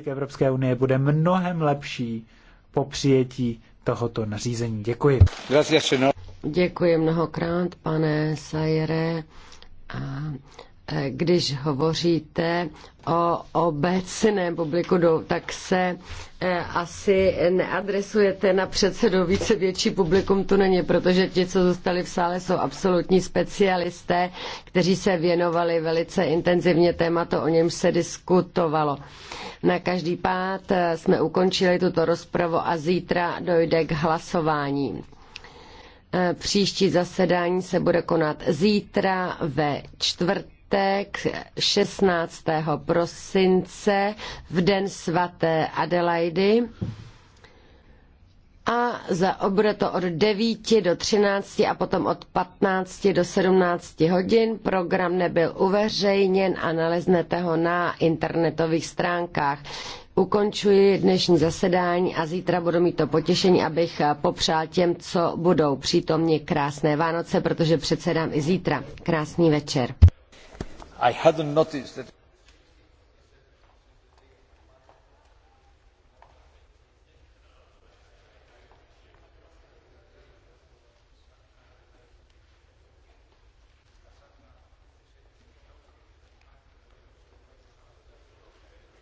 k Evropské unie bude mnohem lepší po přijetí tohoto nařízení. Děkuji. Děkuji mnohokrát, pane Sajere. A Eh, když hovoříte o obecném publiku, tak se eh, asi neadresujete na předsedu více větší publikum, to není, protože ti, co zůstali v sále, jsou absolutní specialisté, kteří se věnovali velice intenzivně tématu, o něm se diskutovalo. Na každý pád eh, jsme ukončili tuto rozpravu a zítra dojde k hlasování. Příští zasedání se bude konat zítra ve čtvrtek pátek 16. prosince v den svaté Adelaidy a za, bude to od 9 do 13 a potom od 15 do 17 hodin. Program nebyl uveřejněn a naleznete ho na internetových stránkách. Ukončuji dnešní zasedání a zítra budu mít to potěšení, abych popřál těm, co budou přítomně krásné Vánoce, protože předsedám i zítra. Krásný večer i had not noticed that.